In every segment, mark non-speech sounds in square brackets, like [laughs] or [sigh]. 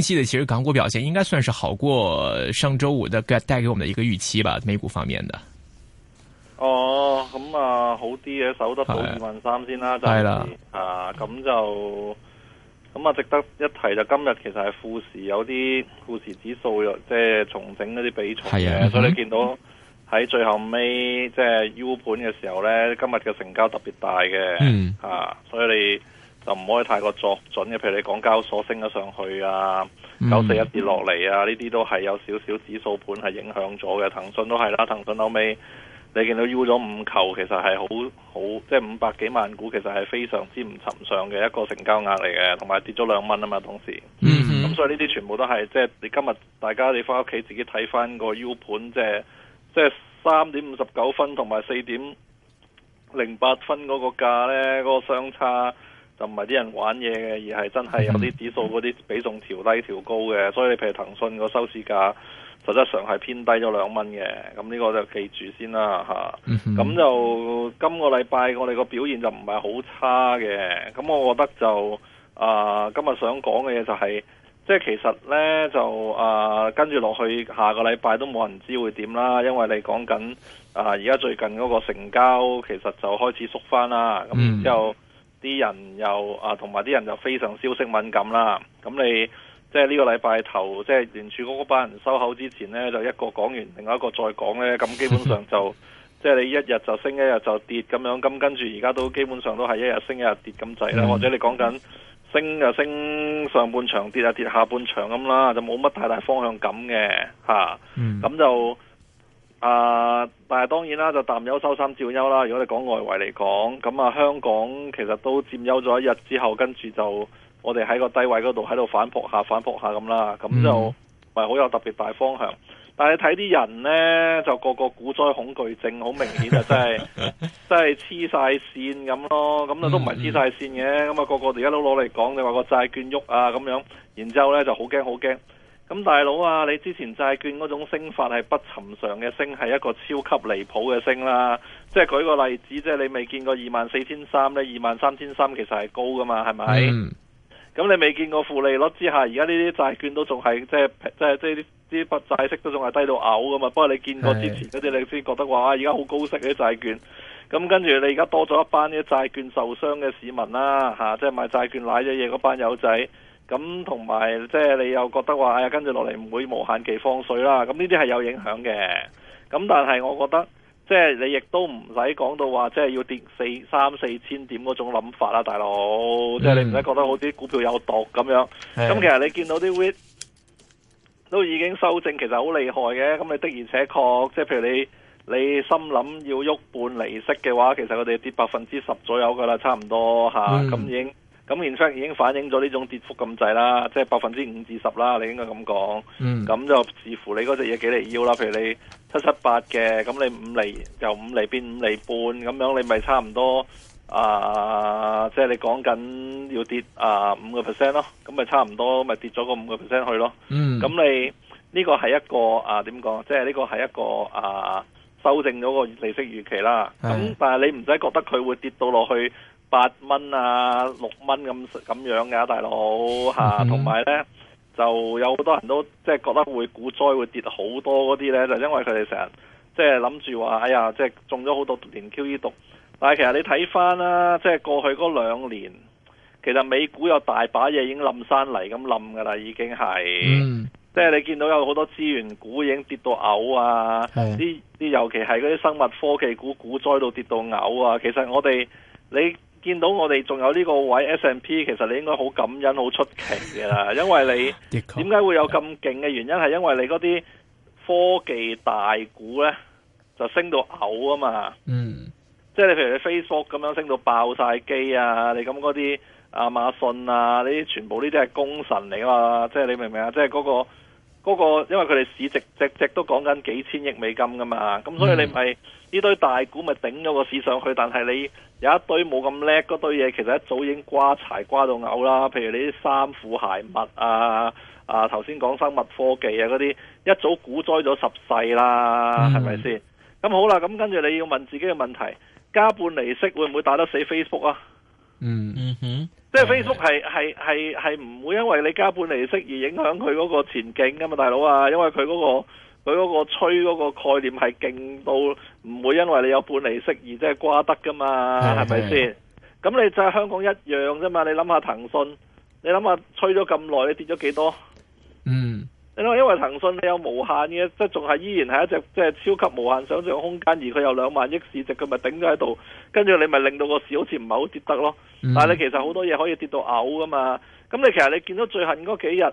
其實港股表現應該算是好過上周五的帶給我們的一個預期吧，美股方面的。哦，咁、嗯、啊，好啲嘅守得到二萬三先啦，係啦，啊，咁就咁啊，就值得一提就今日其實係富時有啲富時指數又即係重整嗰啲比重嘅，所以你見到喺最後尾即係 U 盤嘅時候呢，今日嘅成交特別大嘅，嗯、啊，所以你。就唔可以太過作準嘅，譬如你港交所升咗上去啊，mm -hmm. 九四一跌落嚟啊，呢啲都係有少少指數盤係影響咗嘅。騰訊都係啦，騰訊後尾你見到 U 咗五球，其實係好好，即係五百幾萬股，其實係非常之唔尋常嘅一個成交額嚟嘅，同埋跌咗兩蚊啊嘛，同時，咁、mm -hmm. 所以呢啲全部都係即係你今日大家你翻屋企自己睇翻個 U 盤，即係即係三點五十九分同埋四點零八分嗰個價呢，嗰、嗰個相差。就唔係啲人玩嘢嘅，而係真係有啲指數嗰啲比重調低調高嘅，所以你譬如騰訊個收市價，實質上係偏低咗兩蚊嘅，咁呢個就記住先啦嚇。咁、嗯、就今個禮拜我哋個表現就唔係好差嘅，咁我覺得就啊，今日想講嘅嘢就係、是，即係其實呢，就啊跟住落去下個禮拜都冇人知會點啦，因為你講緊啊而家最近嗰個成交其實就開始縮翻啦，咁之後、嗯啲人又啊，同埋啲人就非常消息敏感啦。咁你即係呢個禮拜頭，即係聯儲局嗰班人收口之前呢，就一個講完，另外一個再講呢。咁基本上就 [laughs] 即係你一日就升，一日就跌咁樣。咁跟住而家都基本上都係一日升一日跌咁滯啦。 [laughs] 或者你講緊升就升上半場，跌就跌下半場咁啦，就冇乜太大方向感嘅吓。咁、啊、 [laughs] 就。啊！但係當然啦，就淡優收三照優啦。如果你講外圍嚟講，咁啊香港其實都佔優咗一日之後，跟住就我哋喺個低位嗰度喺度反撲下反撲下咁啦。咁就唔係、嗯、好有特別大方向。但係睇啲人呢，就個個股災恐懼症好明顯啊！真係 [laughs] 真係黐晒線咁咯。咁、嗯嗯、啊都唔係黐晒線嘅。咁啊個個而家都攞嚟講，你、就、話、是、個債券喐啊咁樣，然之後呢，就好驚好驚。咁大佬啊，你之前債券嗰種升法係不尋常嘅升，係一個超級離譜嘅升啦。即係舉個例子，即係你未見過二萬四千三呢，二萬三千三其實係高㗎嘛，係咪？咁、嗯、你未見過負利率之下，而家呢啲債券都仲係即係即係即係啲啲筆債息都仲係低到嘔㗎嘛。不過你見過之前嗰啲，你先覺得話而家好高息啲債券。咁跟住你而家多咗一班啲債券受傷嘅市民啦，啊、即係買債券瀨嘢嘢嗰班友仔。咁同埋即係你又覺得話，哎呀跟住落嚟唔會無限期放水啦。咁呢啲係有影響嘅。咁但係我覺得，即係你亦都唔使講到話，即係要跌四三四千點嗰種諗法啦，大佬。即、嗯、係、就是、你唔使覺得好似股票有毒咁樣。咁其實你見到啲 wit 都已經修正，其實好厲害嘅。咁你的而且確，即係譬如你你心諗要喐半厘息嘅話，其實佢哋跌百分之十左右噶啦，差唔多吓，咁、啊嗯、已經。咁而家已經反映咗呢種跌幅咁滯啦，即係百分之五至十啦，你應該咁講。咁、嗯、就視乎你嗰隻嘢幾嚟要啦。譬如你七七八嘅，咁你五厘，由五厘變五厘半，咁樣你咪差唔多啊！即係你講緊要跌啊五個 percent 咯，咁咪差唔多咪跌咗個五個 percent 去咯。咁、嗯、你呢個係一個啊點講？即係呢個係一個啊修正咗個利息預期啦。咁但係你唔使覺得佢會跌到落去。八蚊啊，六蚊咁咁樣噶，大佬吓。同埋呢就有好多人都即係覺得會股災會跌好多嗰啲呢，就因為佢哋成日即係諗住話，哎呀，即係中咗好多年 QE 毒，但係其實你睇翻啦，即係過去嗰兩年，其實美股有大把嘢已經冧山嚟咁冧噶啦，已經係，嗯，即係你見到有好多資源股已經跌到嘔啊，啲尤其係嗰啲生物科技股股災到跌到嘔啊，其實我哋你。見到我哋仲有呢個位 S&P，其實你應該好感恩、好出奇嘅啦，因為你點解會有咁勁嘅原因係因為你嗰啲科技大股呢，就升到嘔啊嘛，嗯，即係你譬如你 Facebook 咁樣升到爆曬機啊，你咁嗰啲亞馬遜啊，呢啲全部呢啲係功臣嚟啊嘛，即係你明唔明啊？即係嗰個。嗰個，因為佢哋市值隻隻都講緊幾千億美金噶嘛，咁所以你咪呢堆大股咪頂咗個市上去？但係你有一堆冇咁叻嗰堆嘢，其實一早已經瓜柴瓜到嘔啦。譬如你啲衫褲鞋襪啊，啊頭先講生物科技啊嗰啲，一早股災咗十世啦，係咪先？咁好啦，咁跟住你要問自己嘅問題：加半利息會唔會打得死 Facebook 啊？嗯。嗯嗯。即、係 Facebook 係係係係唔會因為你加半厘息而影響佢嗰個前景噶嘛，大佬啊，因為佢嗰個佢嗰個吹嗰個概念係勁到唔會因為你有半厘息而即係瓜得噶嘛，係咪先？咁你就喺香港一樣啫嘛，你諗下騰訊，你諗下吹咗咁耐，你跌咗幾多？嗯。因為騰訊你有無限嘅，即仲係依然係一隻即係超級無限想象空間，而佢有兩萬億市值，佢咪頂咗喺度，跟住你咪令到個市好似唔係好跌得咯。但係你其實好多嘢可以跌到嘔噶嘛。咁你其實你見到最近嗰幾日嗰、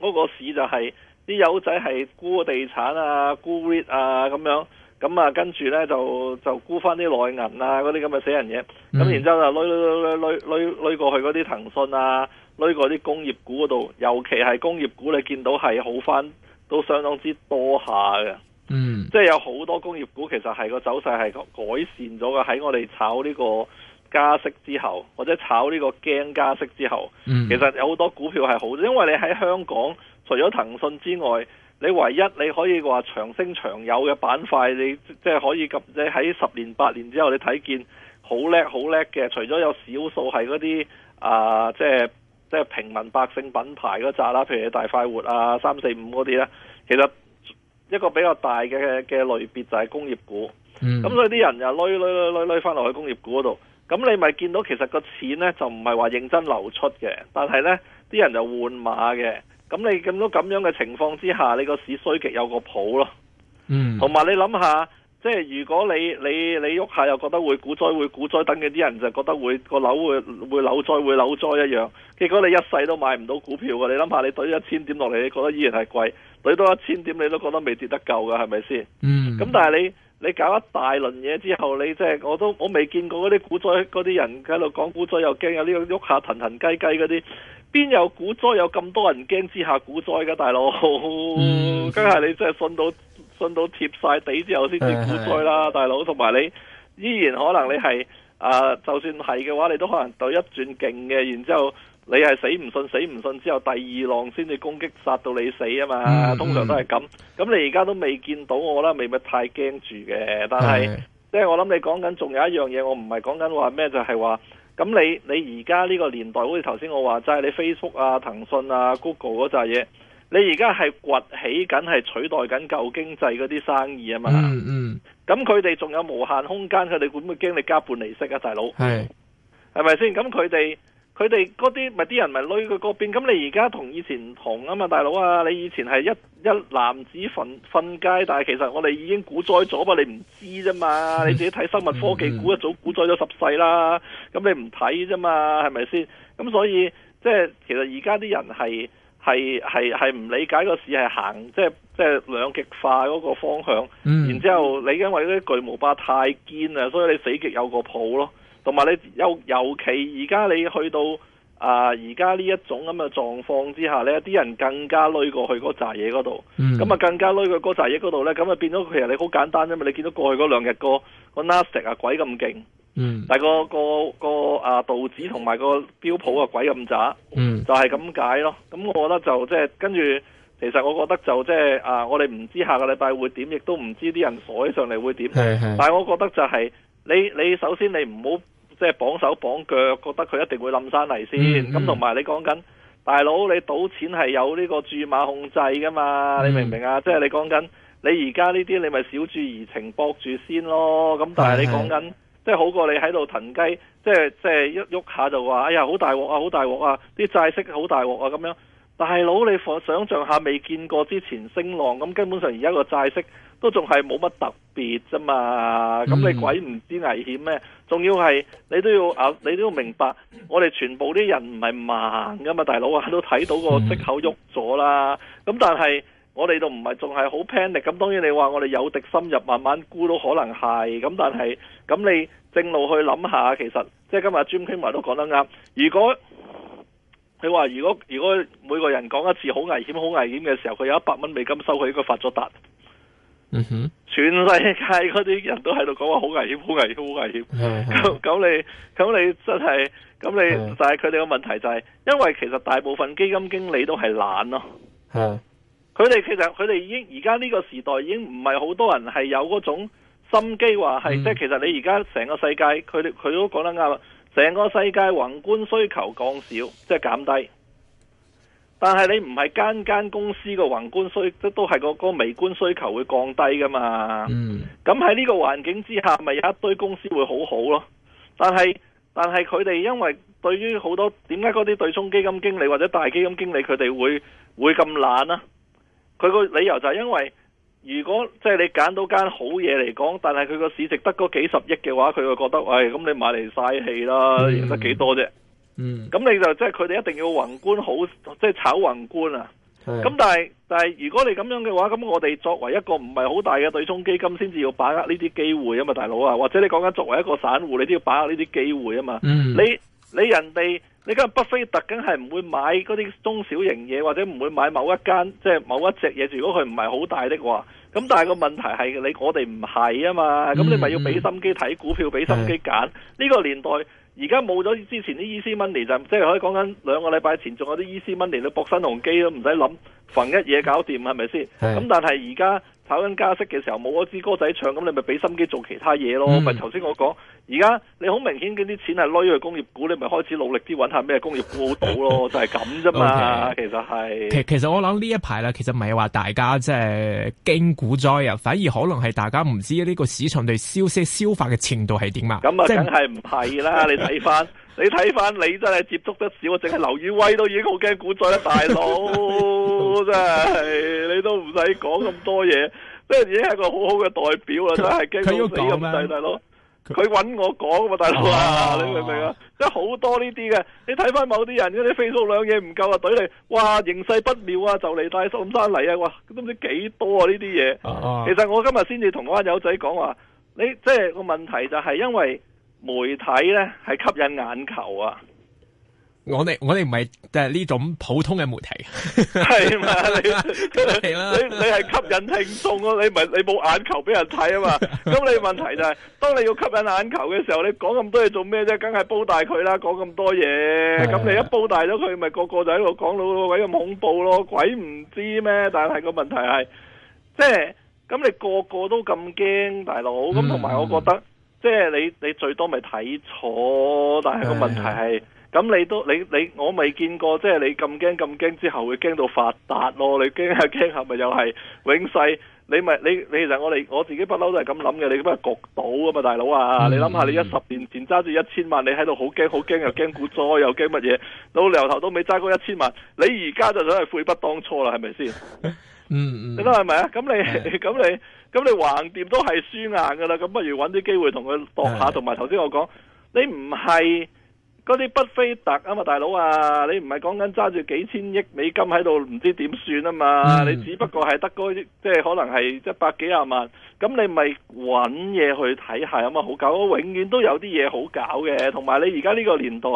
嗰個市就係啲友仔係沽地產啊、沽 REIT 啊咁樣，咁啊跟住呢就就沽翻啲內銀啊嗰啲咁嘅死人嘢，咁、嗯、然之後就推推推推過去嗰啲騰訊啊。呢個啲工業股嗰度，尤其係工業股，你見到係好返，都相當之多下嘅。嗯，即係有好多工業股其實係個走勢係改善咗嘅。喺我哋炒呢個加息之後，或者炒呢個驚加息之後，嗯、其實有好多股票係好。因為你喺香港，除咗騰訊之外，你唯一你可以話長升長有嘅板塊，你即係可以及你喺十年八年之後你，你睇見好叻好叻嘅。除咗有少數係嗰啲啊，即係。即係平民百姓品牌嗰扎啦，譬如大快活啊、三四五嗰啲咧，其實一個比較大嘅嘅類別就係工業股。咁、嗯、所以啲人又推推推推推翻落去工業股嗰度，咁你咪見到其實個錢呢，就唔係話認真流出嘅，但係呢啲人就換馬嘅，咁你咁多咁樣嘅情況之下，你個市衰極有個譜咯。同、嗯、埋你諗下。即係如果你你你喐下又覺得會股災會股災，等嘅啲人就覺得會個樓會會扭災會扭災一樣。結果你一世都買唔到股票嘅，你諗下你對一千點落嚟，你覺得依然係貴；對多一千點，你都覺得未跌得夠㗎，係咪先？嗯。咁但係你你搞一大輪嘢之後，你即係我都我未見過嗰啲股災嗰啲人喺度講股災又驚呀呢個喐下騰騰雞雞嗰啲，邊有股災有咁多人驚之下股災㗎大佬？梗、嗯、係 [laughs] 你真係信到。信到貼晒地之後先至股災啦，是是是，大佬，同埋你依然可能你係、呃、就算係嘅話，你都可能對一轉勁嘅，然之後你係死唔信死唔信之後，第二浪先至攻擊殺到你死啊嘛，嗯、通常都係咁。咁、嗯、你而家都未見到我啦，未咪太驚住嘅。但係即係我諗你講緊，仲有一樣嘢，我唔係講緊話咩，就係話咁你你而家呢個年代好似頭先我話齋，就係、你 Facebook 啊、騰訊啊、Google 嗰扎嘢。你而家係崛起緊，係取代緊舊經濟嗰啲生意啊嘛！咁佢哋仲有無限空間，佢哋會唔會驚你加半利息啊？大佬係係咪先？咁佢哋佢哋嗰啲咪啲人咪推佢嗰邊？咁你而家同以前唔同啊嘛，大佬啊！你以前係一一男子瞓瞓街，但係其實我哋已經股災咗吧？你唔知啫嘛？你自己睇生物科技股一早股災咗十世啦，咁你唔睇啫嘛？係咪先？咁所以即係其實而家啲人係。係係係唔理解個市係行即係即係兩極化嗰個方向，嗯、然之後你因為啲巨無霸太堅啊，所以你死極有個譜咯。同埋你尤尤其而家你去到啊，而家呢一種咁嘅狀況之下咧，啲人更加濾過去嗰扎嘢嗰度，咁、嗯、啊更加濾過去嗰扎嘢嗰度咧，咁啊變咗其實你好簡單啫嘛。你見到過去嗰兩日嗰個 Nasdaq 啊鬼咁勁。嗯，但、那個、那個、那個啊道指同埋個標普啊，鬼咁渣，嗯，就係咁解咯。咁我覺得就即係、就是、跟住，其實我覺得就即係、就是、啊，我哋唔知下個禮拜會點，亦都唔知啲人改上嚟會點。但係，但我覺得就係、是、你你首先你唔好即係綁手綁腳，覺得佢一定會冧晒嚟先。咁同埋你講緊、嗯、大佬，你賭錢係有呢個注碼控制噶嘛、嗯？你明唔明啊？即係你講緊你而家呢啲，你咪少注怡情博住先咯。咁但係你講緊。是是即係好過你喺度騰雞，即係即係一喐下就話，哎呀好大鑊啊，好大鑊啊！啲債息好大鑊啊咁樣。大佬你想像下，未見過之前升浪咁，根本上而家個債息都仲係冇乜特別啫嘛。咁你鬼唔知危險咩？仲、嗯、要係你都要啊，你都要明白，我哋全部啲人唔係盲噶嘛，大佬啊都睇到個息口喐咗啦。咁、嗯、但係。我哋都唔係仲係好 panic，咁當然你話我哋有敵深入，慢慢估都可能係，咁但係咁你正路去諗下，其實即係今日 Jim Kuma 都講得啱。如果佢話如果如果每個人講一次好危險、好危險嘅時候，佢有一百蚊美金收佢應該發咗達，嗯哼，全世界嗰啲人都喺度講話好危險、好危險、好危險，咁 [laughs] 咁你咁你真係咁你就係佢哋嘅問題就係、是，因為其實大部分基金經理都係懶咯、啊。是佢哋其實佢哋已經而家呢個時代已經唔係好多人係有嗰種心機話係，即係其實你而家成個世界，佢哋佢都講得啱啦。成個世界宏觀需求降少，即係減低。但係你唔係間間公司個宏觀需即都係、嗰個個微觀需求會降低噶嘛？咁喺呢個環境之下，咪、就是、有一堆公司會好好咯。但係但係佢哋因為對於好多點解嗰啲對沖基金經理或者大基金經理佢哋，佢哋會會咁懶啊？佢個理由就係因為如果即係你揀到間好嘢嚟講，但係佢個市值得嗰幾十億嘅話，佢就覺得，喂、哎，咁你買嚟嘥氣啦，贏得幾多啫？嗯、咁、嗯、你就即係佢哋一定要宏觀好，即、就、係、是、炒宏觀啊。咁但係但係如果你咁樣嘅話，咁我哋作為一個唔係好大嘅對沖基金，先至要把握呢啲機會啊嘛，大佬啊，或者你講緊作為一個散戶，你都要把握呢啲機會啊嘛。嗯，你你人哋。你今日巴菲特梗係唔會買嗰啲中小型嘢，或者唔會買某一間即係某一隻嘢。如果佢唔係好大的話，咁但係個問題係你我哋唔係啊嘛。咁、嗯、你咪要俾心機睇股票，俾心機揀。呢、這個年代而家冇咗之前啲 Easy Money 就即係可以講緊兩個禮拜前仲有啲 Easy Money 你搏新鴻基都唔使諗，逢一嘢搞掂係咪先？咁但係而家。炒緊加息嘅時候冇嗰支歌仔唱，咁你咪俾心機做其他嘢咯。咪頭先我講，而家你好明顯嗰啲錢係攞去工業股，你咪開始努力啲揾下咩工業股好賭咯。就係咁啫嘛，其實係。其其實我諗呢一排呢，其實唔係話大家即係驚股災啊，反而可能係大家唔知呢個市場對消息消化嘅程度係點啊。咁啊，梗係唔係啦？你睇翻， [laughs] 你睇翻，你真係接觸得少，淨係劉宇威都已經好驚股災啦，啊，大佬。 [laughs] 真 [laughs] 係你都唔使講咁多嘢，呢樣嘢係個好好嘅代表啦，真係驚死咁細，大佬佢搵我講啊，大佬啊，你明唔明啊？即係好多呢啲嘅，你睇翻某啲人嗰啲 facebook 兩嘢唔夠啊，懟你哇形勢不妙啊，就嚟大送山嚟啊，哇都唔知幾多啊呢啲嘢。其實我今日先至同我班友仔講話，你即係個問題就係因為媒體呢係吸引眼球啊。我哋我哋唔係即係呢種普通嘅媒體，係 [laughs] [laughs] 嘛？你你你係吸引聽眾啊。你唔係你冇眼球俾人睇啊嘛？咁你問題就係，是，當你要吸引眼球嘅時候，你講咁多嘢做咩啫？梗係煲大佢啦，講咁多嘢，咁你一煲大咗佢，咪個個就喺度講到鬼咁恐怖咯？鬼唔知咩？但係個問題係，即係咁你個個都咁驚大佬，咁同埋我覺得，嗯、即係你你最多咪睇錯，但係個問題係。咁你都你你我未見過，即係你咁驚咁驚之後會驚到發達咯？你驚下驚下，咪又係永世？你咪你你，你其實我哋我自己不嬲都係咁諗嘅。你咁啊焗到啊嘛，大佬啊！嗯、你諗下、嗯，你一十年前揸住一千萬，你喺度好驚好驚，又驚股災，又驚乜嘢，老由頭都未揸過一千萬，你而家就等於悔不當初啦，係咪先？嗯嗯，你諗係咪啊？咁、嗯、你咁、嗯、你咁、嗯、你橫掂都係輸硬噶啦，咁不如揾啲機會同佢度下，同埋頭先我講，你唔係。嗰啲巴菲特啊嘛，大佬啊，你唔係講緊揸住幾千億美金喺度唔知點算啊嘛、嗯，你只不過係得嗰啲即係可能係一百幾廿萬，咁你咪揾嘢去睇下啊嘛，好搞，永遠都有啲嘢好搞嘅，同埋你而家呢個年代，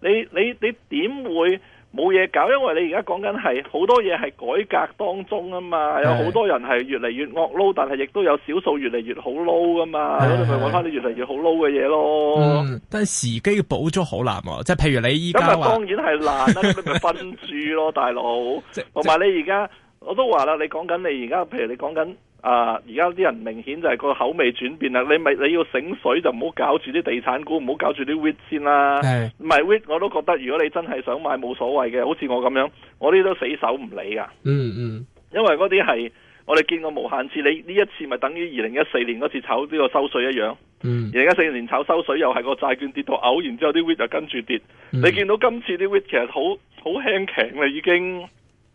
你你你點會？冇嘢搞，因為你而家講緊係好多嘢係改革當中啊嘛，有好多人係越嚟越惡撈，但係亦都有少數越嚟越好撈㗎嘛，咁 [laughs] 你咪搵翻啲越嚟越好撈嘅嘢咯。嗯、但係時機捕捉好難，即係譬如你依家，咁啊，當然係難啦，佢咪分住咯，大佬。同埋你而家，我都話啦，你講緊你而家，譬如你講緊。 [laughs] 啊！而家啲人明顯就係個口味轉變啦。你咪你要醒水就唔好搞住啲地產股，唔好搞住啲 wit 先啦。唔係 wit 我都覺得，如果你真係想買，冇所謂嘅。好似我咁樣，我呢啲都死手唔理㗎！嗯嗯，因為嗰啲係我哋見過無限次，你呢一次咪等於二零一四年嗰次炒呢個收水一樣。二零一四年炒收水又係個債券跌到嘔，然之後啲 wit 就跟住跌、嗯。你見到今次啲 wit 其實好好輕頸啦，已經。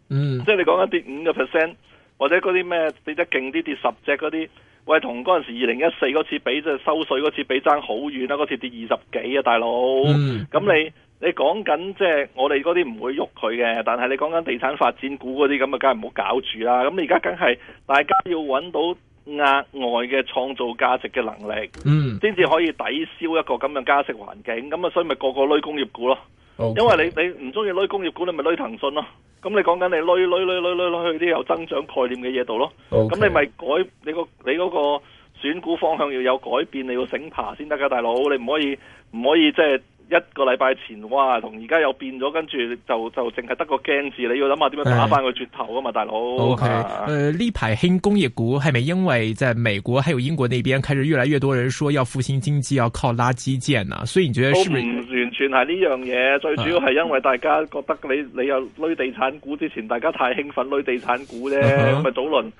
即係你講緊跌五個 percent。或者嗰啲咩跌得勁啲跌十隻嗰啲，喂，同嗰陣時二零一四嗰次比，即係收水嗰次比爭好遠啦，嗰次跌二十幾啊，大佬。咁、嗯、你你講緊即係我哋嗰啲唔會喐佢嘅，但係你講緊地產發展股嗰啲咁啊，梗係唔好搞住啦。咁你而家梗係大家要揾到額外嘅創造價值嘅能力，嗯，先至可以抵消一個咁嘅加息環境。咁啊，所以咪個個推工業股咯。Okay。因為你你唔中意，攞工業股，你咪攞騰訊咯。咁你講緊你攞攞攞攞攞去啲有增長概念嘅嘢度咯。咁、okay。你咪改你、嗰個你嗰個選股方向要有改變，你要醒爬先得㗎，大佬。你唔可以唔可以即係。就是一個禮拜前哇，同而家又變咗，跟住就就淨係得個驚字，你要諗下點樣打翻個絕頭啊嘛，哎、大佬。OK，誒呢排興工業股，係咪因為在美國還有英國嗰邊，開始越來越多人說要復興經濟，要靠垃圾建、啊。呢？所以你覺得係唔係？都唔完全係呢樣嘢，最主要係因為大家覺得你你又攞地產股之前，大家太興奮攞地產股啫，咪、嗯嗯、早輪。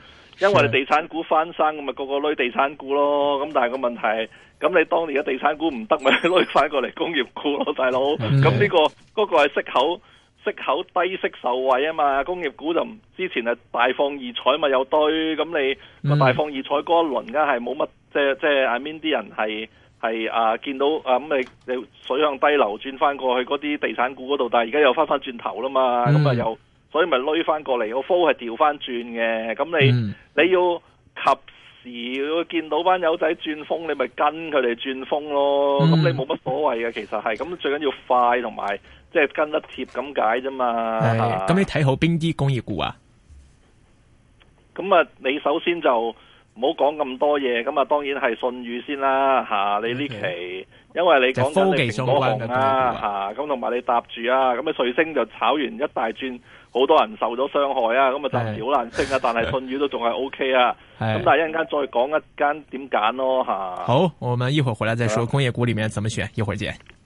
因為你地產股翻生，咁咪、那個個攞地產股咯。咁但係個問題，咁你當年嘅地產股唔得，咪攞翻過嚟工業股咯，大佬。咁呢、這個嗰、那個係息口息口低息受惠啊嘛。工業股就之前係大放異彩咪又堆。咁你、嗯、大放異彩嗰一輪，梗係冇乜，即係即係眼邊啲人係係啊見到啊咁咪水向低流，轉翻過去嗰啲地產股嗰度，但係而家又翻翻轉頭啦嘛，咁啊又。所以咪追翻過嚟，個風係調翻轉嘅。咁你、嗯、你要及時要見到班友仔轉風，你咪跟佢哋轉風咯。咁、嗯、你冇乜所謂嘅，其實係咁最緊要快同埋即係跟得貼咁解啫嘛。咁你睇好邊啲工業股啊？咁啊，你首先就唔好講咁多嘢。咁啊，當然係信譽先啦。吓你呢期、嗯嗯、因為你講緊、就是、科技相關嘅股咁同埋你搭住啊，咁啊瑞星就炒完一大轉。好多人受咗傷害啊，咁啊就好難升啊，哎哎但係信譽都仲係 OK 啊，咁、哎哎、但係一陣間再講一間點揀咯嚇、啊。好，我哋，一會兒回來再說，工業股裏面怎麼選，一會兒見。